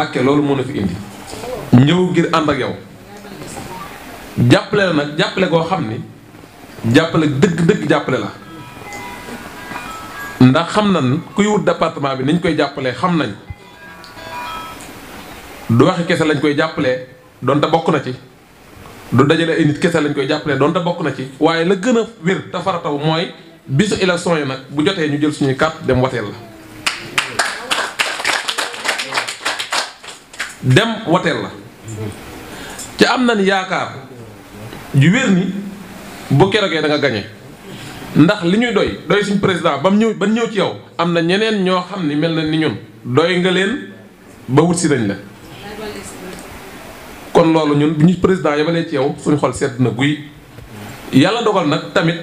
Mbàkke loolu moo na fi indi ñëw ngir ànd ak yow jàppale la nag jàppale goo xam ni jàppale dëgg-dëgg jàppale la ndax xam na kuy wut département bi niñ koy jàppalee xam nañ du waxi kese lañ koy jàppale donte bokk na ci du dajale ay kese lañ koy jàppalee donte bokk na ci waaye la gën a wér te farataw mooy bisu élection yi nag bu jotee ñu jël suñuy carte dem wateel la dem wateel la ci am nañ yaakaar ju wér ni bu keroogee danga gañe ndax li ñuy doy doy suñ président ba mu ñëw ba ñëw ci yow am na ñeneen ñoo xam ni mel na ni ñun doy nga leen ba wut si nañ la kon loolu ñun bu ñu président yabalee ci yow suñ xol sedd na guy yàlla dogal nag tamit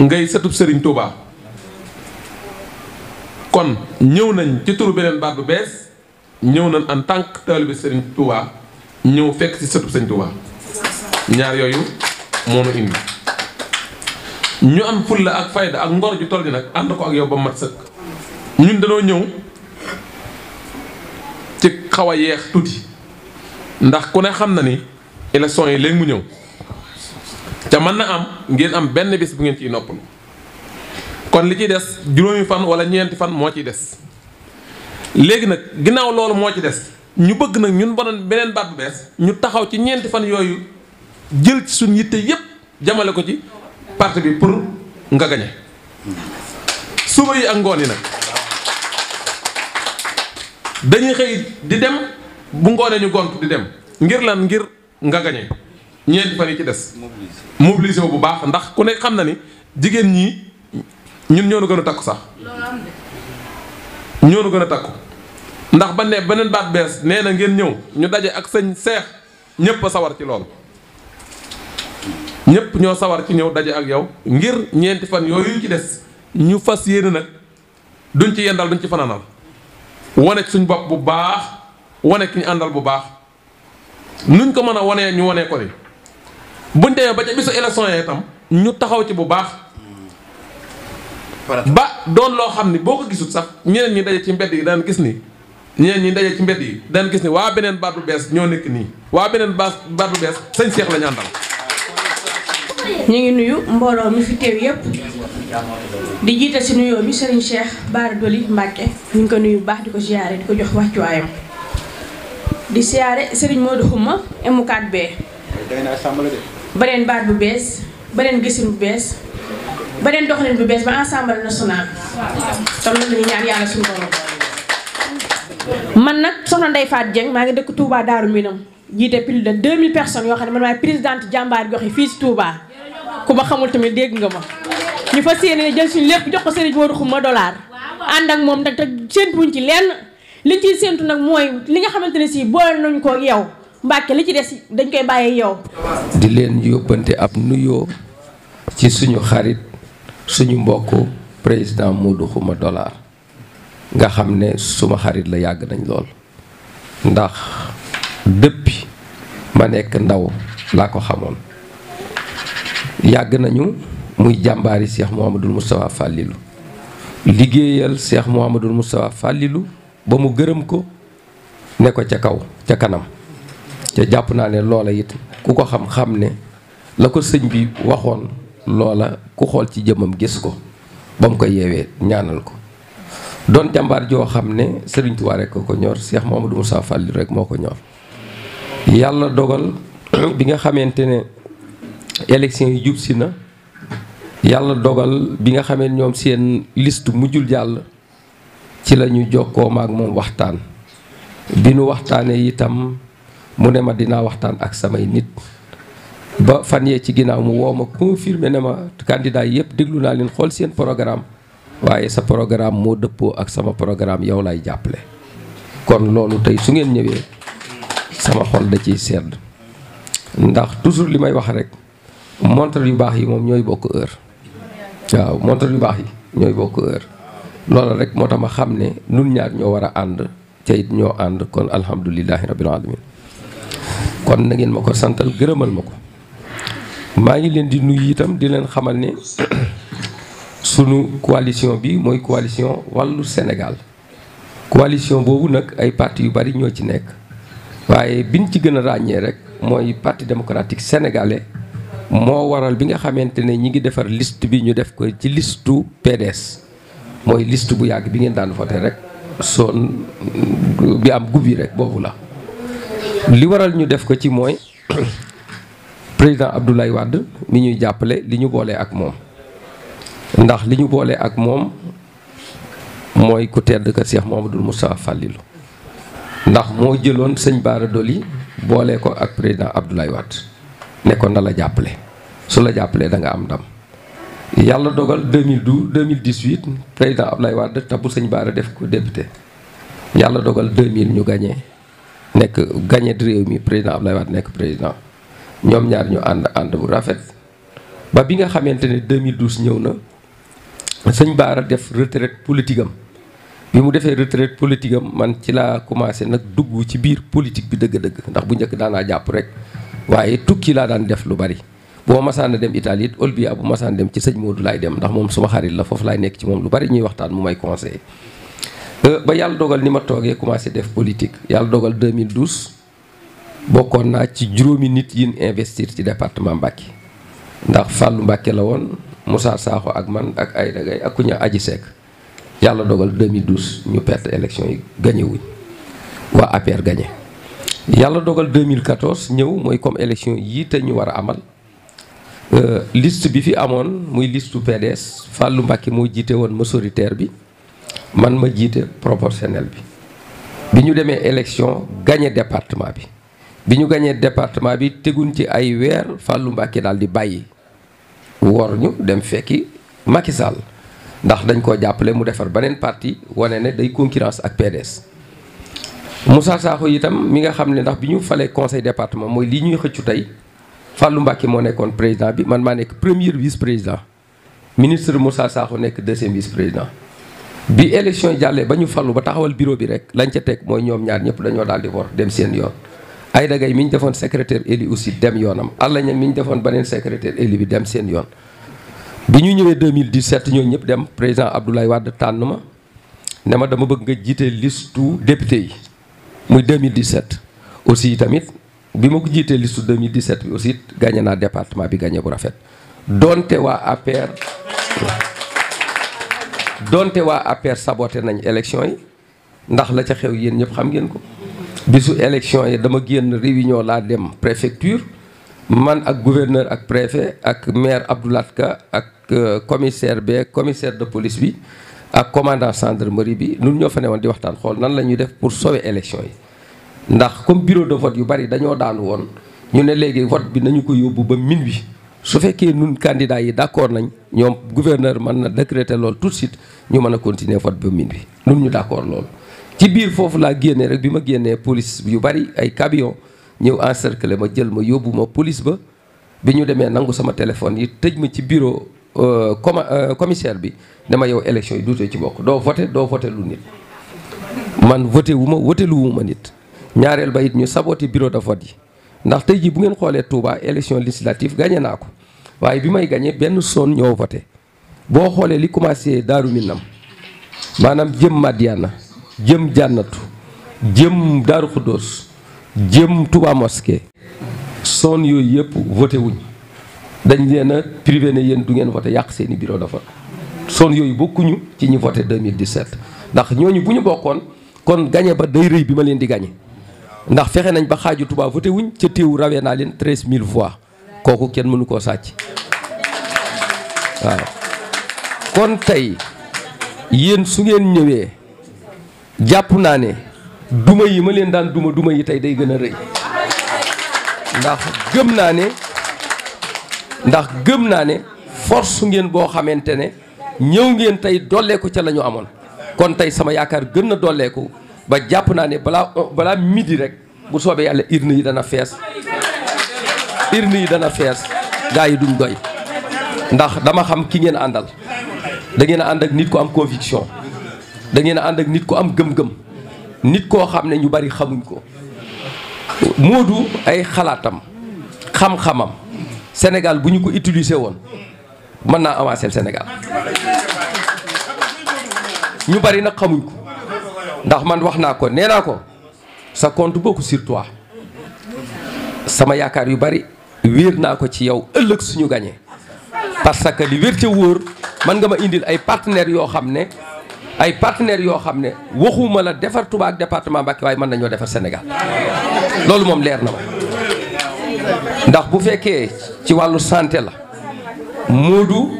ngay sëtub sëriñ Touba kon ñëw nañ ci turu beneen baat bu bees ñëw nañ en tant que taalibe Serigne Touba ñëw fekk ci sëtu Serigne Touba ñaar yooyu moo indi ñu am fulla ak fayda ak ngor ju toll ni nag ànd ko ak yow ba mat sëkk ñun dañoo ñëw ci xaw a yeex tuuti ndax ku ne xam na ni élection yi léegi mu ñëw te mën na am ngeen am benn bis bu ngeen ciy noppalu kon li ciy des juróomi fan wala ñeenti fan moo ciy des léegi nag ginnaaw loolu moo ci des ñu bëgg nag ñun bonoon beneen baat bu bees ñu taxaw ci ñeenti fan yooyu jël ci suñ yitte yépp jamale ko ci parti bi pour nga gañe suba yi ak ngoon yi nag dañuy xëy di dem bu ngoonee ñu gont di dem ngir lan ngir nga gañe ñeenti fan yi ci des mobilisé bu baax ndax ku ne xam na ni jigéen ñi ñun ñoo gën a takku sax ñoo nu gën a takku ndax ba ne beneen baat bees nee na ngeen ñëw ñu daje ak sëñ seex ñëpp a sawar ci lool ñépp ñoo sawar ci ñëw daje ak yow ngir ñeenti fan yooyu ci des ñu fas yéene nag duñ ci yendal duñ ci fanaanal wane suñ bopp bu baax wane ki ñu àndal bu baax nuñ ko mën a wanee ñu wanee ko ni buñ demee ba ca bisu élection yi itam ñu taxaw ci bu baax ba doon loo xam ni boo ko gisut sax ñeneen ñi daje ci mbedd yi daan gis ni ñeen ñi daje ci mbedd yi dañ gis ni waa beneen baat bu bees ñoo nekk nii waa beneen baas baat bu bees sëñ Cheikh la ñu àndal ngi nuyu mbooloo mi fi teew yépp di jiite si nuyoo bi sëriñ Cheikh Bara Doli Mbacke ñu ngi ko nuyu baax di ko siyaare di ko jox wàccuwaayam di siyaare sëriñ Modou Xuma m 4 beneen baat bu bees beneen gisin bu bees beneen doxalin bu bees ba Assemblée nationale te loolu la ñu ñaan yàlla suñu borom man nag soxna Ndeye faat Dieng maa ngi dëkk Touba daaru Minam jiite plus de 2000 personnes yoo xam ne man maay présidente jàmbaar gox fii si Touba ku ma xamul tamit dégg nga ma ñu fas yéene jël suñu lépp jox ko Serigne Modou Khouma dollar ànd ak moom nag te séentuwuñ ci lenn li ciy séentu nag mooy li nga xamante ne si boole nañ ko yow Mbàkke li ci des dañ koy bàyyee yow. di leen yóbbante ab nuyoo ci suñu xarit suñu mbokk président Modou Khouma dollar nga xam ne suma xarit la yàgg nañ lool ndax depuis ma nekk ndaw laa ko xamoon yàgg nañu muy jàmbaari seex Mouhamadul Moustapha Fallilou liggéeyal seex Mouhamadul Moustapha Fallilou ba mu gërëm ko ne ko ca kaw ca kanam te jàpp naa ne loola it ku ko xam-xam ne la ko sëñ bi waxoon loola ku xool ci jëmmam gis ko ba mu ko yeewee ñaanal ko doon jàmbaar joo xam ne Sëriñ Tuubaa rek ko ñor Cheikh Mamadou Moussa Fall rek moo ko ñor yàlla dogal bi nga xamante ne élection yi jub si na yàlla dogal bi nga xamee ñoom seen liste mujjul jàll ci la ñu jokkoo maak moom waxtaan bi nu waxtaanee itam mu ne ma dinaa waxtaan ak samay nit ba fan yee ci ginnaaw mu woo ma confirmé ne ma candidat yëpp déglu naa leen xool seen programme waaye sa programme moo dëppoo ak sama programme yow laay jàppale kon loolu tey su ngeen ñëwee sama xol da ciy sedd ndax toujours li may wax rek montre yu baax yi moom ñooy bokk heure waaw montre yu baax yi ñooy bokk heure loolu rek moo tax ma xam ne nun ñaar ñoo war a ànd ca it ñoo ànd kon alhamdulilahi rabbil alamin kon na ngeen ma ko santal gërëmal ma ko maa ngi leen di nuyu itam di leen xamal ne sunu coalition bi mooy coalition wàllu Sénégal coalition boobu nag ay parti yu bari ñoo ci nekk waaye biñ ci gën a ràññee rek mooy parti démocratique sénégalais moo waral bi nga xamante ne ñi ngi defar list bi ñu def ko ci listu PDS mooy liste bu yàgg bi ngeen daan voté rek son bi am gub yi rek boobu la li waral ñu def ko ci mooy président Abdoulaye wàdd ni ñuy jàppale li ñu boolee ak moom ndax li ñu boole ak moom mooy ku tedd ka Cheikh Mouhamadoul Moussa Fallilou ndax moo jëloon sëñ baara Dolly boole ko ak président Abdoulaye Wade ne ko na la jàppale su la jàppalee danga am ndam yàlla dogal du 2012 2018 président Abdoulaye Wade tabbu sëñ Bara def ko député yàlla dogal 2000 ñu gañee nekk gagné réew mi président Abdoulaye Wade nekk président ñoom ñaar ñu ànd ànd bu rafet ba bi nga xamante ne 2012 ñëw na. sëñ Baara def retraite politique am bi mu defee retraite politique am man ci laa commencé nag dugg ci biir politique bi dëgg-dëgg ndax bu njëkk daanaa jàpp rek waaye tukki laa daan def lu bari boo masaana dem Italie it Olbia bu masaana dem ci sëñ moo Modou laay dem ndax moom suma xarit la foofu laay nekk ci moom lu bari ñuy waxtaan mu may conseillé euh, ba yàlla dogal ni ma toogee commencé def politique yàlla dogal 2012 bokkoon naa ci juróomi nit yin investir ci département Mbacké ndax Fallou Mbacké Moussa Sakho ak man ak ay Gaye ak ku ñu aji Seck yàlla dogal 2012 ñu perte élection yi gagné waa APR gañe yàlla dogal 2014 ñëw mooy comme élection yii te ñu war a amal euh, liste bi fi amoon muy listu PDS fàllu Mbacké moo jiite woon majoritaire bi man ma jiite proportionnel bi. bi ñu demee élection gagné département bi bi ñu gañee département bi teguñ ci ay weer fàllu Mbacké daal di bàyyi. wor ñu dem fekki Macky Sall ndax dañ koo jàppale mu defar beneen parti wane ne day concurrence ak PDS. Moussa Sakho itam mi nga xam ne ndax bi ñu falee conseil département mooy lii ñuy xëccu tey Fallou Mbacké moo nekkoon président bi man maa nekk premier vice président ministre Moussa Sakho nekk deuxième vice président. bi élection jàllee ba ñu fallu ba taxawal bureau bi rek lañ ca teg mooy ñoom ñaar ñëpp dañoo daal di wor dem seen yoon. Aïda Gaye mi ñu defoon secrétaire élu aussi dem yoonam Alla Niang mi ñu defoon beneen secrétaire élu bi dem seen yoon bi ñu ñëwee 2017 ñooñu ñëpp dem président Abdoulaye Wade tànn ma ne ma dama bëgg nga jiite listu député yi muy 2017 aussi tamit bi ma ko jiitee listu 2017 bi aussi gagné naa département bi gagné bu rafet doonte waa APR doonte waa APR saboté nañ élection yi ndax la ca xew yéen ñëpp xam ngeen ko bisu élection yi dama génn réunion laa dem préfecture man ak gouverneur ak préfet ak maire Abdoulaye Ka ak euh, commissaire be commissaire de police bi ak commandant gendarmerie bi ñun ñoo fa newoon di waxtaan xool nan la ñuy def pour sauver élection yi ndax comme bureau de vote yu bari dañoo daanu woon ñu ne léegi vote bi nañu ko yóbbu ba minuit su fekkee nun candidats yi d'accord nañ ñoom gouverneur mën na décréter lool tout de ñu mën a continuer vote ba minuit nun ñu d'accord loolu ci biir foofu laa génnee rek bi ma génnee police yu bari ay camion ñëw encercler ma jël ma yóbbu ma police ba bi ñu demee nangu sama téléphone yi tëj ma ci bureau euh, com euh, commissaire bi dama yow élection yi duutee ci bokk doo voté doo voté lu nit man voté wu ma voté lu ma nit ñaareel ba it ñu saboté bureau de vote yi ndax tey jii bu ngeen xoolee Touba élection législative gagné naa ko waaye bi may gagné benn son ñoo voté boo xoolee li commencé Daaru nam maanaam jëm Madiana jëm jànnatu jëm daaru xuddoos jëm Touba mosquée son yooyu yëpp voté wuñ dañ leen a privé ne yéen du ngeen voté yàq seen i bureau de vote son yooyu bokkuñu ci ñu voté 2017 ndax ñooñu bu ñu bokkoon kon gañe ba day rëy bi ma leen di gañe ndax fexe nañ ba xaaju Touba voté wuñ ca téew rawee naa leen 13000 voix kooku kenn mënu koo sàcc waaw kon tey yéen su ngeen ñëwee jàpp naa ne duma yi ma leen daan duma duma yi tey day gën a rëy ndax gëm naa ne ndax gëm naa ne force ngeen boo xamante ne ñëw ngeen tey dolleeku ca la ñu amoon kon tey sama yaakaar gën na dolleeku ba jàpp naa ne balaa balaa rek bu soobee yàlla urne yi dana fees urne yi dana fees gaa yi duñ doy ndax dama xam ki ngeen àndal da ngeen a ànd ak nit ku am conviction da ngeen a ànd ak nit ku am gëm-gëm nit koo xam ne ñu bari xamuñ ko Moodu ay xalaatam xam-xamam Sénégal bu ñu ko utilisé woon mën naa avancer Sénégal ñu bari nag xamuñ ko ndax man wax naa ko nee naa ko sa compte beaucoup sur toi sama yaakaar yu bari wéer naa ko ci yow ëllëg suñu gañee parce que li wér ca wóor mën nga ma indil ay partenaires yoo xam ne ay partenaires yoo xam ne waxuma la defar Touba ak département Mbacké waaye mën nañoo defar Sénégal loolu moom leer na ma ndax bu fekkee ci wàllu santé la du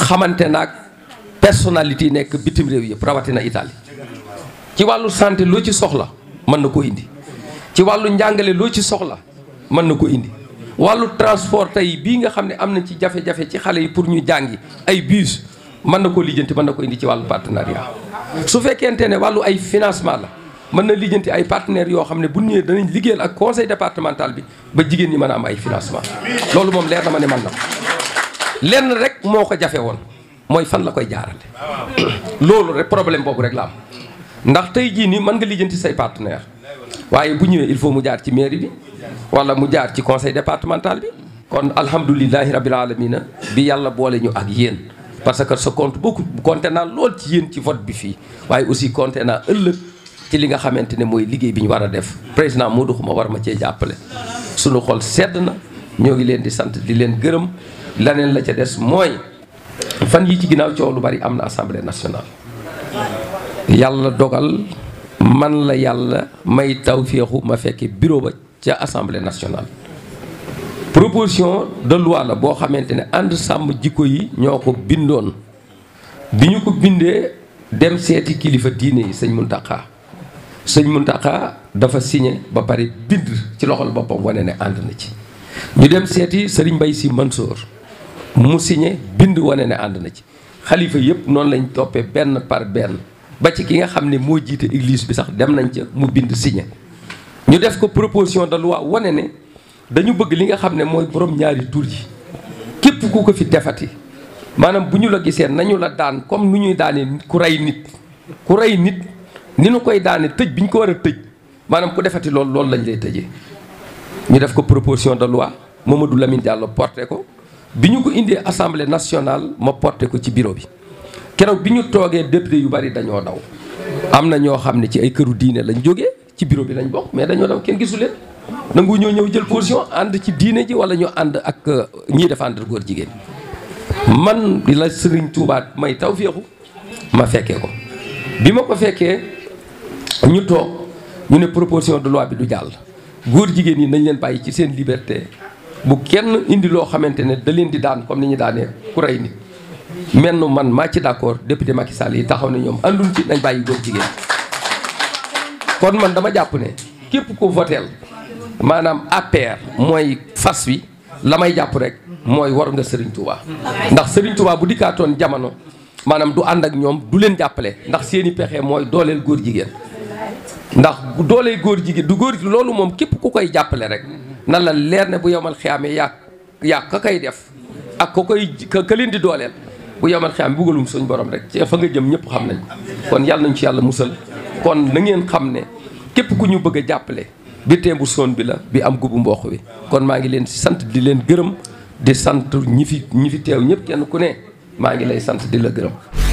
xamante naag personnalité yi nekk bitim réew yëpp rawatina Italie ci wàllu santé loo ci soxla mën na ko indi ci wàllu njàngale loo ci soxla mën na ko indi wàllu transport tey bii nga xam ne am nañ ci jafe-jafe ci xale yi pour ñu jàngi ay bus mën na koo lijjanti man na ko indi ci wàllu partenariat su fekkente ne wàllu ay financement la mën na lijjanti ay partenaires yoo xam ne bu ñëwee danañ liggéeyal ak conseil départemental bi ba jigéen ñi mën a am ay financement loolu moom leer na ma ne man na lenn rek moo ko jafe woon mooy fan la koy jaarale loolu rek problème boobu rek la am ndax tey jii nii mën nga lijjanti say partenaire waaye bu ñëwee il faut mu jaar ci mairie bi wala mu jaar ci conseil départemental bi kon alhamdulilahi rabil alamina bi yàlla boole ñu ak yéen parce que sa compte beaucoup compté naa lool ci yéen ci vote bi fii waaye aussi compté naa ëllëg ci li nga xamante ne mooy liggéey bi ñu war a def président Modou Xuma war ma cee jàppale sunu xol sedd na ñoo ngi leen di sant di leen gërëm laneen la ca des mooy fan yi ci ginnaaw coow lu bari am na assemblée nationale yàlla dogal man la yàlla may féexu ma fekk bureau ba ca assemblée nationale proposition de loi la boo xamante ne ànd sàmm jikko yi ñoo ko bindoon bi ñu ko bindee dem seeti kilifa diine yi sëñ Muntaxa sëñ Muntaxa dafa signé ba pare bind ci loxol boppam wane ne ànd na ci ñu dem seeti sëriñ Mbay Si Mansour mu signé bind wane ne ànd na ci xalifa yëpp noonu lañ toppee benn par benn ba ci ki nga xam ne moo jiite église bi sax dem nañ ca mu bind siñe ñu def ko proposition de wane ne dañu bëgg li nga xam ne mooy borom ñaari tur yi képp ku ko fi defati maanaam bu ñu la gisee nañu la daan comme nu ñuy daane ku rey nit ku rey nit ni nu koy daane tëj bi ñu ko war a tëj maanaam ku defati loolu loolu lañ lay tëjee. ñu def ko proposition de loi Mamadou Lamine Diallo porté ko bi ñu ko indee assemblée nationale ma porté ko ci bureau bi keroog bi ñu toogee député yu bari dañoo daw am na ñoo xam ne ci ay këru diine lañ jóge ci bureau bi lañ bokk mais dañoo dem kenn gisu leen nangu ñoo ñëw jël position ànd ci diine ji wala ñu ànd ak euh, ñiy défendre góor jigéen man di la Serigne tuubaat may taw féexu ma fekkee ko bi ma ko fekkee ñu toog ñu ne proposition de loi bi du jàll góor jigéen yi nañ leen bàyyi ci seen liberté bu kenn indi loo xamante ne da leen di daan comme ni ñu daanee ku rey nit menn man maa ci d'accord député Macky Sall yi taxaw ne ñoom àndul ci nañ bàyyi góor jigéen kon man dama jàpp ne képp ku voteel maanaam APR mooy fas wi la may jàpp rek mooy war nga sëriñ Touba ndax Serigne tubaa bu dikkaatoon jamono maanaam du ànd ak ñoom du leen jàppale ndax seeni pexe mooy dooleel góor jigéen ndax dooleel góor jigéen du góor loolu moom képp ku koy jàppale rek nan la leer ne bu yomal xiyaamee yaa yaa ka koy def ak ka koy ka leen di dooleel bu yomal xiyaam bugalum suñ borom rek ci fa nga jëm ñëpp xam nañ kon yàlla nañ ci yàlla musal kon na ngeen xam ne képp ku ñu bëgg a jàppale bi teembu soon bi la bi am gubu mboq bi kon maa ngi leen si sant di leen gërëm di sant ñi fi ñi fi teew ñëpp kenn ku ne maa ngi lay sant di la gërëm